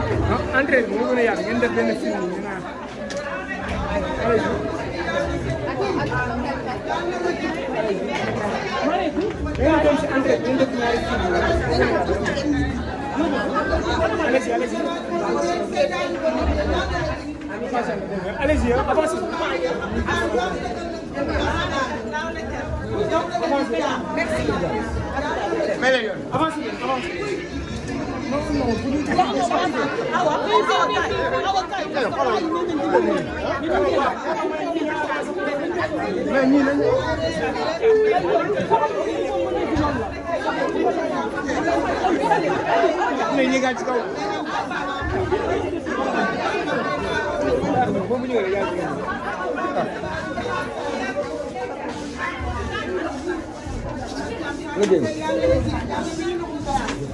non entrain bi moo gën a yàgg ngeen def benn film ñu naan ngeen dem si entrain bi ngeen def ñaari film Allez-y, allez-y. Allez-y, avancez. Merci. Avancez, avancez. Look at him.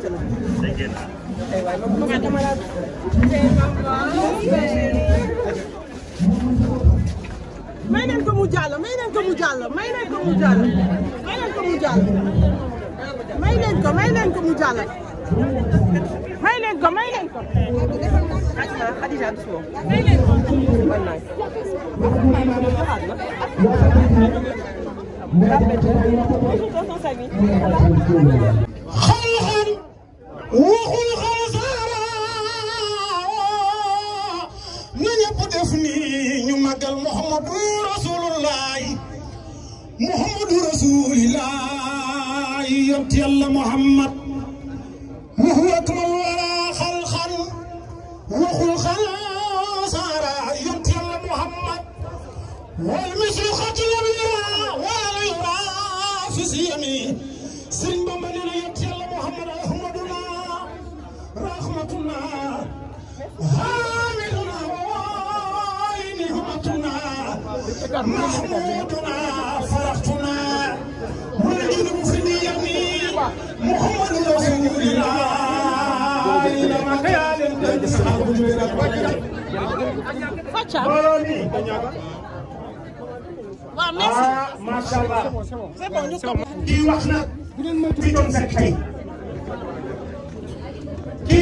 may leen ko mu jàll may leen ko mu jàll may leen ko mu jàll may leen ko mu jàll may leen ko may leen ko mu jàll may leen ko may leen ko Khadija doucement may leen ko wallaay may leen ko waxul xasaara na ñëpp def nii ñu màggal Muhammadu Rasulullah Muhammadu Rasulullah yott yàlla Muhammad wa huwa akmal wara xalxan waxul xasaara yott yàlla Muhammad wal mislu xatil yura wal yura fi siyami محمودنا فرحتنا والجنوب في اليمين محمد رسول الله إلى مكان القدس أبو جبير waaw merci. ah macha allah. di wax nag. di doon fekk tey.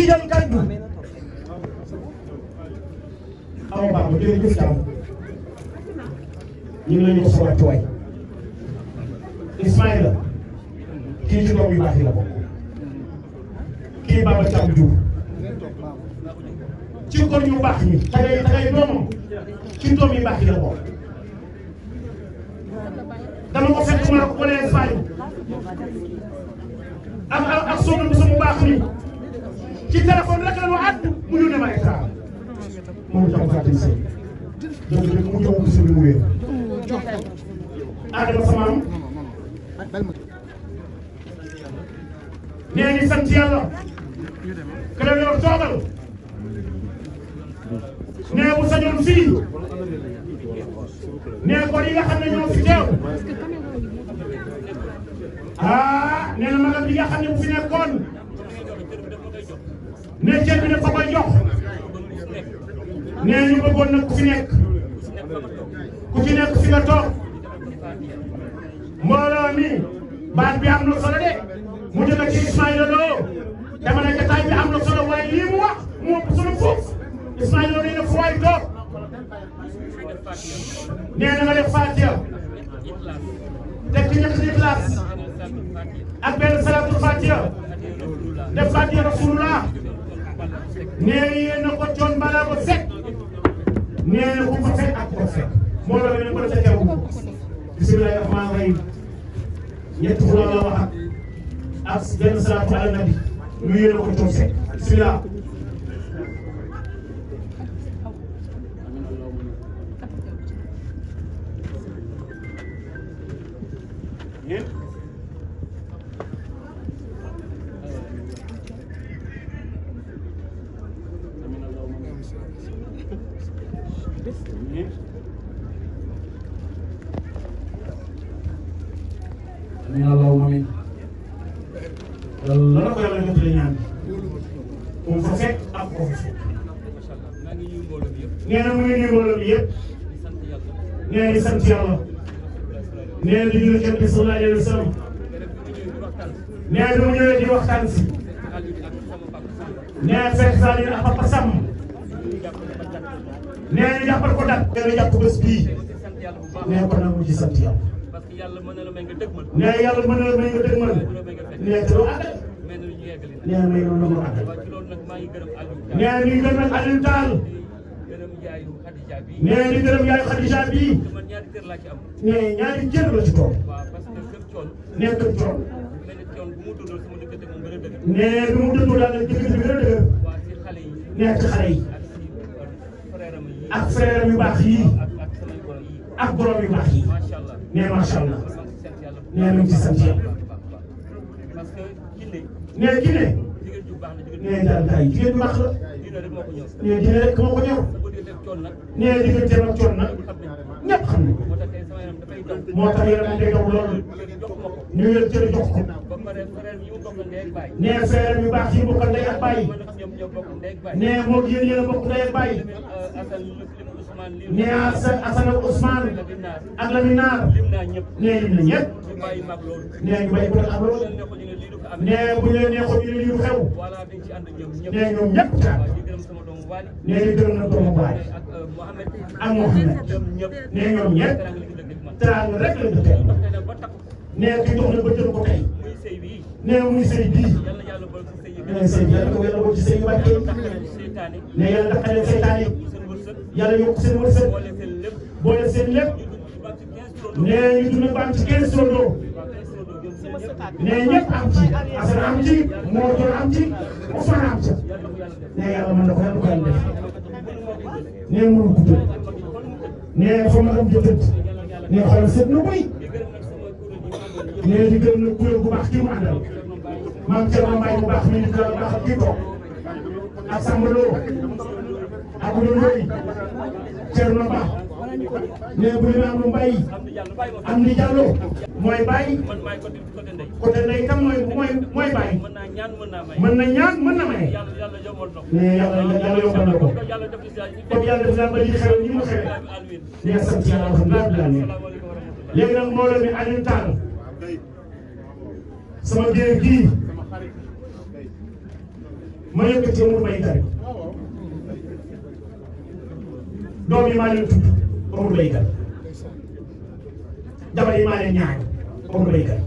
Tidiane Kandou awa baax na jërëjëf jàmm ñu ngi lay jox sa wàccuwaay Ismaïla kii ci doom yu baax la bokk kii Baba Thiam Diouf ci kon yu baax ñi ci doom yu baax la bokk dama ko fekk maa ko wane Espagne ak ak ak soxna bu baax ci téléphone rek la ñu ànd mu yónnee ma état moom jox ko Fatim Seye jërëjëf mu jox ko sëñ bi mu wér. Adama Samaam nee ñu sant yàlla kële yor toogal nee bu sañoon fii nee ko li nga xam ne ñoo fi teew ah nee na magal bi nga xam ne bu fi nekkoon. ne ceeb bi ne ko koy nee ñu bëggoon nag ku fi nekk ku fi nekk baat bi am na de mu jóge ci Ismaïla Lo dama ne bi am na waaye lii mu wax moo solo foof nee na fu waay toog nee na nga def Fatiha teg ci ñetti Ixlaas ak benn salaatul Fatiha def nee na yéen a ko coon balaa ko fekk nee na ku ko fekk ko fekk moo tax ne ko dafa teewu bisimilah rahmaan rahim ñett la wax ak ak benn salaatu ala nabi lu yéen a ko coon fekk bisimilah bis. amiin allahumma amiin. lan la ko yàlla defalee ñaan bi. mu fa fekk ak ko fa fekk. nee na mu ngi nuyu mbooloo bi yëpp. nee na di sant yàlla. nee na di nuyu xel bi sallallahu alayhi wa sallam. nee na dama ñëwee di waxtaan si. nee na fekk saa ñu ne ak papa sàmm. nee na jàppal ko dàq. nee na jàpp bés bii nee ko nangu ci sant yàlla. nee yàlla mën na la may nga dëgmal. nee yàlla mën na la may nga dëgmal. nee te doo àggal. nee na may noonu la mu àggal. nee mi ngi gërëm nag Alioune Tall. nee di gërëm yaayu Khadija bii. nee ñaari cër la ci toog. nee kër coon. nee bi mu dëndoo daal la jëkkër bi gën a dëgër. nee ci xale yi. ak frère yu baax yi ak borom yu baax yi nee macha allah nee nañ ci sant yàlla nee Guinée nee jàllkaay jigéen bu baax la nee Guinée rek moo ko ñor nee diggante ak coon nag ñëpp xam nañ ko moo tax yaram day daw loolu ñu yor jël jox ko nee frère yu baax yi bokkal ndey ak bàyyi. nee moog yéen yéen a bokk ndey ak baay uh, nee Assane Assane ak Ousmane ak Lamine Naar nee lim na ñëpp nee ñu bàyyi ko ak loolu nee bu ñu leen neexoon ñu ne lii du xew nee ñoom ñëpp daal nee ñu gërëm na doomu baay ak uh, Mouhamed nee ñoom ñëpp teraanga rek lañ dëkkee nee ki dox na ba jël ko tey nee muy sëy bii. beneen sëñ yàlla ko yàlla ko ci sëñ ne yàlla dàqal leen seytaane yàlla yokk seen boole seen lépp nee ñu dund ba am ci 15 tonton nee ñëpp am ci Assane am ci Mor Dior am ci Ousmane am ca nee yàlla mën na ko yàlla ko yàlla def nee mënu ko tëdd nee fa ma xam jot tëdd seet na koy nee di gërëm na kuréel gu baax kii mu àndal. maam Thierno Mbaye bu baax mi ngi doon baax di toog ak Samba Lo ak lu Ndoye Thierno Ba ne bu Limaamu Mbay am di Diallo mooy Baye côté Ndeye tam mooy mooy mooy Baye mën na ñaan mën na may mais yàlla yàlla yombal na ko comme yàlla def naa ba li xew ni mu xew di nga sant yàlla alhamdulilah ne léegi nag mbooloo mi Alioune Tall sama géej gii ma yëkkati mu bay tari doom yi maa leen tudd amul baykat jabar yi maa leen ñaan amul baykat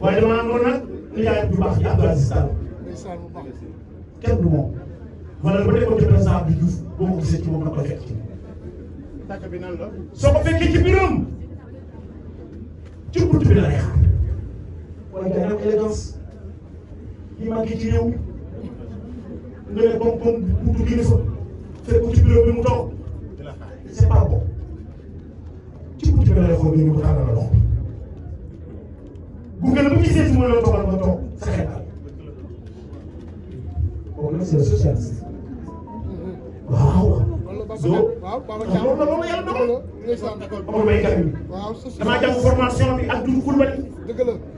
waaye dama amoon nag nijaay bu baax ci Abdou Aziz Sall kenn du moom wala ba nekkoon ci président Abdou Diouf boo ko gisee ci moom na ko fekk ci soo ko fekkee ci biiram ci bunt bi la lay xaar élégance bi manqué ci réew nga ne comme comme wutu kilifa fekk ci bureau bi mu toog c'est pas bon ci wutu bi lay xool ñu ko tànn la dox bi gunge la ba ci seet mu la nga toog sa xel daal kooku nag c'est socialiste waaw. so loolu la loolu yàlla dogal amul béykat bi damaa jàng formation bi ak dund kulbali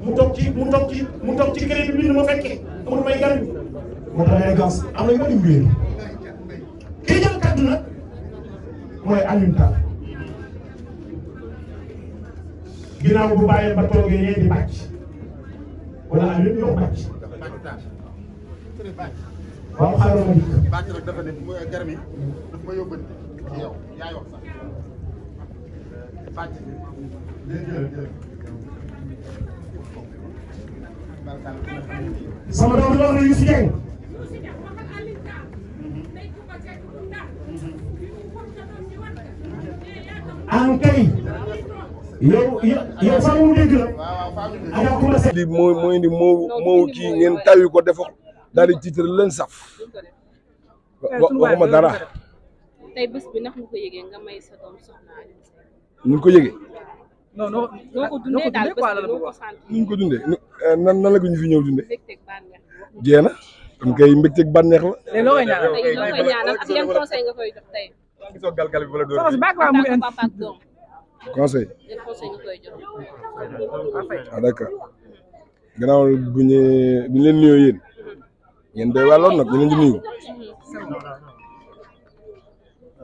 mu toog ci mu toog ci mu toog ci crédit bi ni ma fekkee amul béykat bi moo tax élégance am na yu bëri wéer kii jël kaddu nag mooy Alioune Tall ginnaaw bu bàyyee ba toogee ñee di bàcc wala Alioune yow bàcc ba mu xaaree ma dikk. bàcc nag dafa ne garmi daf ma yóbbante ci yow yaay wax sax bàcc sama doom bi loolu la ñu si jàng. en kay. yow yow sax mu dégg la. lii mooy mooy indi moo moo kii ngeen tawi ko defoo. daal di titre leen saf. waxuma dara. tey bés bi naka nga ko yëgee nga may ñu ko ko dundee daal ko sant. ni ñu ko dundee eh, nan nan la ñu fi ñëw dundee. jee na kay mbégteeg bànneex la. léegi koy ñaanal tey loo conseil nga koy jox tey. conseil. ah d'accord. gannaaw leen nuyoo yéen. yéen day wàlloon nag ñu leen di nuyu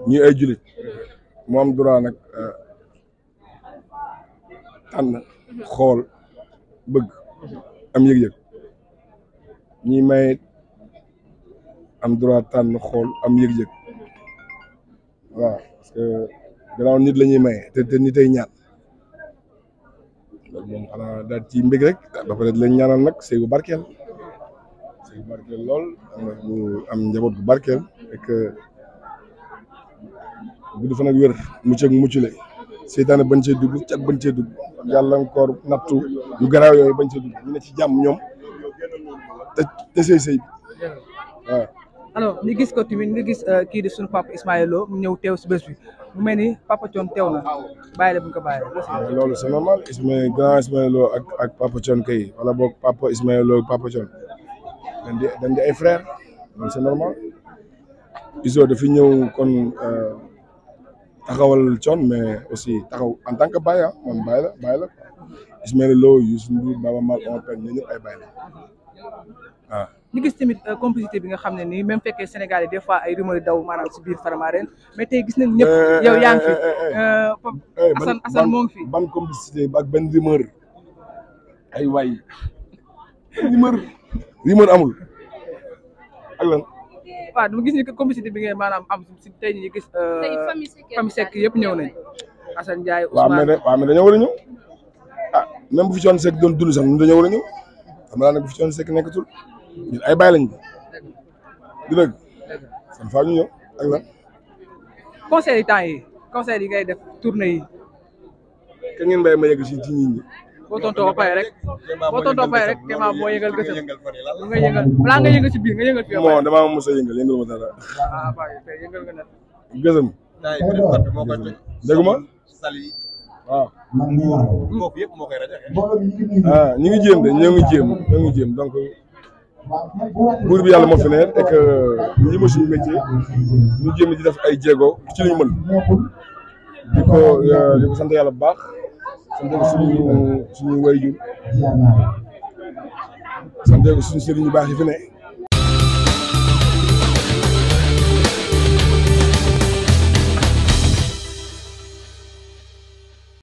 ñuy ay julit mu am droit nag euh, tànn xool bëgg am yëg-yëg ñi may am droit tànn xool am yëg-yëg waaw parce que gannaaw nit la ñuy maye te te nitay ñaan daal ci mbég rek dafa leen ñaanal nag sëy bu barkeel sëñ barkeel lool bu am njaboot bu barkeel ak gudd fan ak wér mucc ak muccule seytaane bañ cee dugg ci ak bañ cee dugg gàllankoor nattu yu yooyu bañ cee ci jàmm ñoom te te sëy sëy waaw alors ñu gis ko tamit nga gis euh, kii di suñu papa Ismaël Lo mu ñëw teew si bés bi mu mel ni papa Thione bu ko bàyyi. Ah, loolu c'est normal grand Ismaël ak ak papa Thione wala boog papa Ismaël Lo papa dañ di ay frère loolu c'est normal Izo dafi ñëw kon euh, taxawal Thione mais aussi taxaw en tant que baay ah, man la baay la Ismaël Lo Youssou Ndour Baba Maal on ay baay la waaw. Ah. ñu gis tamit euh, complicité bi nga xam ne nii même fekkee Sénégal yi des fois ay rumeur daw maanaam si biir Faramareen mais tey gis nañ ñëpp. Eh, eh, yow yaa fi eh, euh, Assane fi. ban complicité ak benn ay waay rumeur. lii mën amul ak lan. waaw dama gis ni que complicité bi ngeen maanaam am si tey ñu gis. Euh, tey famille Seck yëpp ñëw nañ Assane Ndiaye Ousmane waaw mais de waaw mais dañoo war a ñëw ah même bu fi Thione Seck doon dund sax ñun dañoo war a ñëw xam nga nag bu fi Thione Seck ay bàyyi lañ ko. di dëgg kon faa ñu ñëw ak lan. conseil temps yi conseil yi ngay def tournée yi. ka ngeen bàyyi ma yegg si ci nit boo tontoo pay rek boo tontoo pay rek Kéema moo yëngal gëstu lu nga yëngal balaa nga yëngal si biir nga yëngal. bon a yëngal yëngal ma dara. ah waaw ma. waaw. ah ñu ngi jéem de ñoo ngi jéem ñoo ngi jéem donc buur bi yàlla moo fi ne et que lii mooy suñu def ay jéego ci li ñu mën di ko euh, yàlla bu baax. sante ko suñu suñu wayjur sante ko suñu sëriñ yu